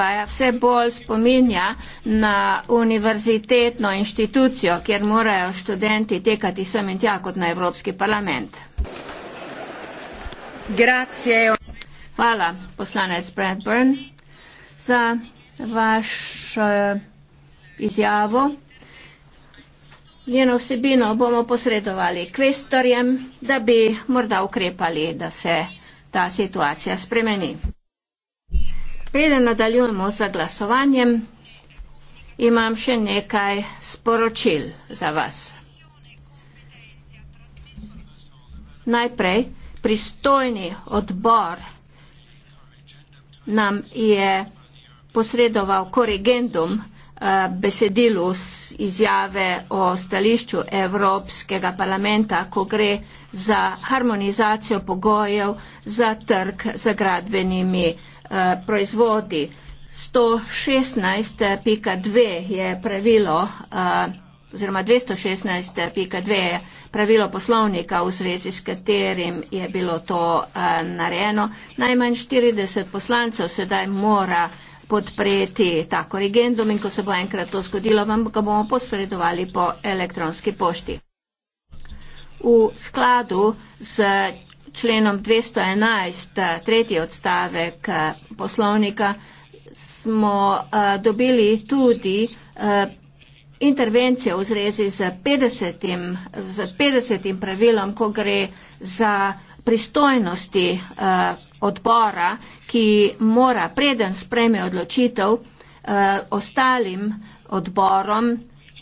pa vse bolj spominja na univerzitetno inštitucijo, kjer morajo študenti tekati sem in tja kot na Evropski parlament. Grazie. Hvala, poslanec Bradburn, za vaš eh, izjavo. Njeno vsebino bomo posredovali kvestorjem, da bi morda ukrepali, da se ta situacija spremeni. Preden nadaljujemo z glasovanjem, imam še nekaj sporočil za vas. Najprej, pristojni odbor nam je posredoval korigendum eh, besedilu izjave o stališču Evropskega parlamenta, ko gre za harmonizacijo pogojev za trg z gradbenimi Eh, proizvodi. 116.2 eh, je pravilo eh, oziroma 216.2 je pravilo poslovnika v zvezi s katerim je bilo to narejeno. Najmanj 40 poslancev sedaj mora podpreti ta korigendum in ko se bo enkrat to zgodilo, vam ga bomo posredovali po elektronski pošti. V skladu z členom 211, eh, tretji odstavek eh, poslovnika, smo eh, dobili tudi intervencijo v zrezi z 50, z 50 pravilom, ko gre za pristojnosti odbora, ki mora preden spreme odločitev ostalim odborom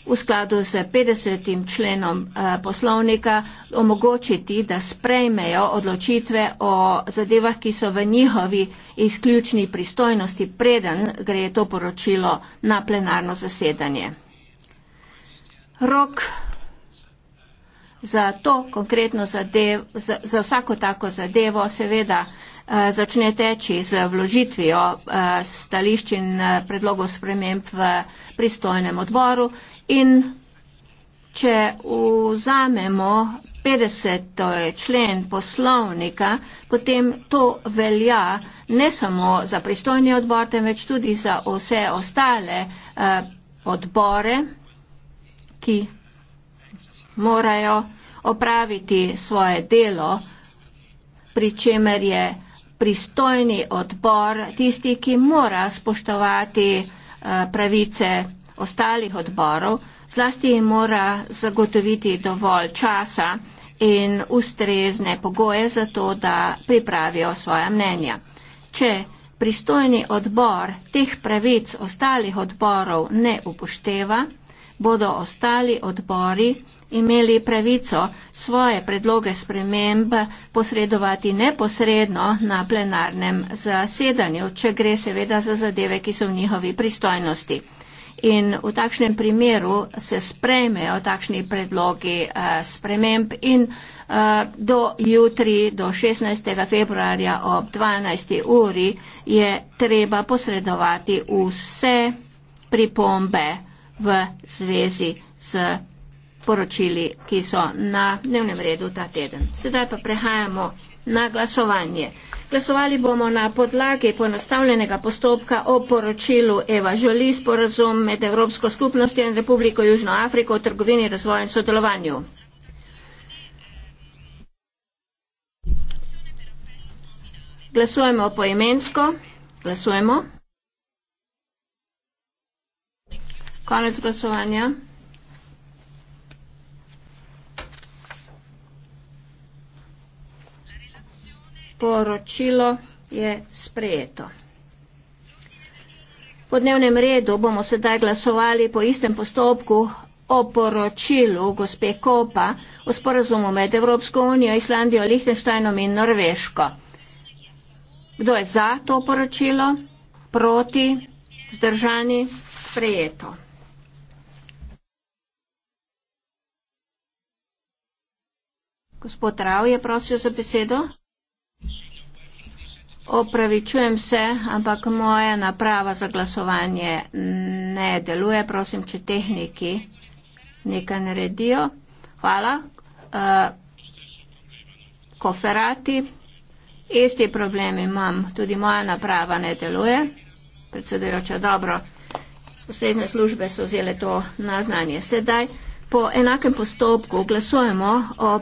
v skladu z 50. členom eh, poslovnika omogočiti, da sprejmejo odločitve o zadevah, ki so v njihovi izključni pristojnosti, preden gre to poročilo na plenarno zasedanje. Rok za to konkretno zadevo, za, za vsako tako zadevo, seveda eh, začne teči z vložitvijo eh, stališčin predlogov sprememb v pristojnem odboru In če vzamemo 50. člen poslovnika, potem to velja ne samo za pristojni odbor, temveč tudi za vse ostale eh, odbore, ki morajo opraviti svoje delo, pri čemer je pristojni odbor tisti, ki mora spoštovati eh, pravice ostalih odborov, zlasti jim mora zagotoviti dovolj časa in ustrezne pogoje za to, da pripravijo svoja mnenja. Če pristojni odbor teh pravic ostalih odborov ne upošteva, bodo ostali odbori imeli pravico svoje predloge sprememb posredovati neposredno na plenarnem zasedanju, če gre seveda za zadeve, ki so v njihovi pristojnosti. In v takšnem primeru se sprejmejo takšni predlogi eh, sprememb in eh, do jutri, do 16. februarja ob 12. uri je treba posredovati vse pripombe v zvezi s poročili, ki so na dnevnem redu ta teden. Sedaj pa prehajamo na glasovanje. Glasovali bomo na podlagi ponastavljenega postopka o poročilu Eva Žoli sporazum med Evropsko skupnostjo in Republiko Južno Afriko o trgovini, razvoju in sodelovanju. Glasujemo poimensko. Glasujemo. Konec glasovanja. Poročilo je sprejeto. Po dnevnem redu bomo sedaj glasovali po istem postopku o poročilu gospe Kopa o sporazumu med Evropsko unijo, Islandijo, Lihtenštajnom in Norveško. Kdo je za to poročilo? Proti? Zdržani? Sprejeto. Gospod Rav je prosil za besedo. Opravičujem se, ampak moja naprava za glasovanje ne deluje. Prosim, če tehniki nekaj naredijo. Hvala. Uh, koferati. Isti problem imam. Tudi moja naprava ne deluje. Predsedujoča, dobro. Ustrezne službe so vzele to na znanje. Sedaj po enakem postopku glasujemo o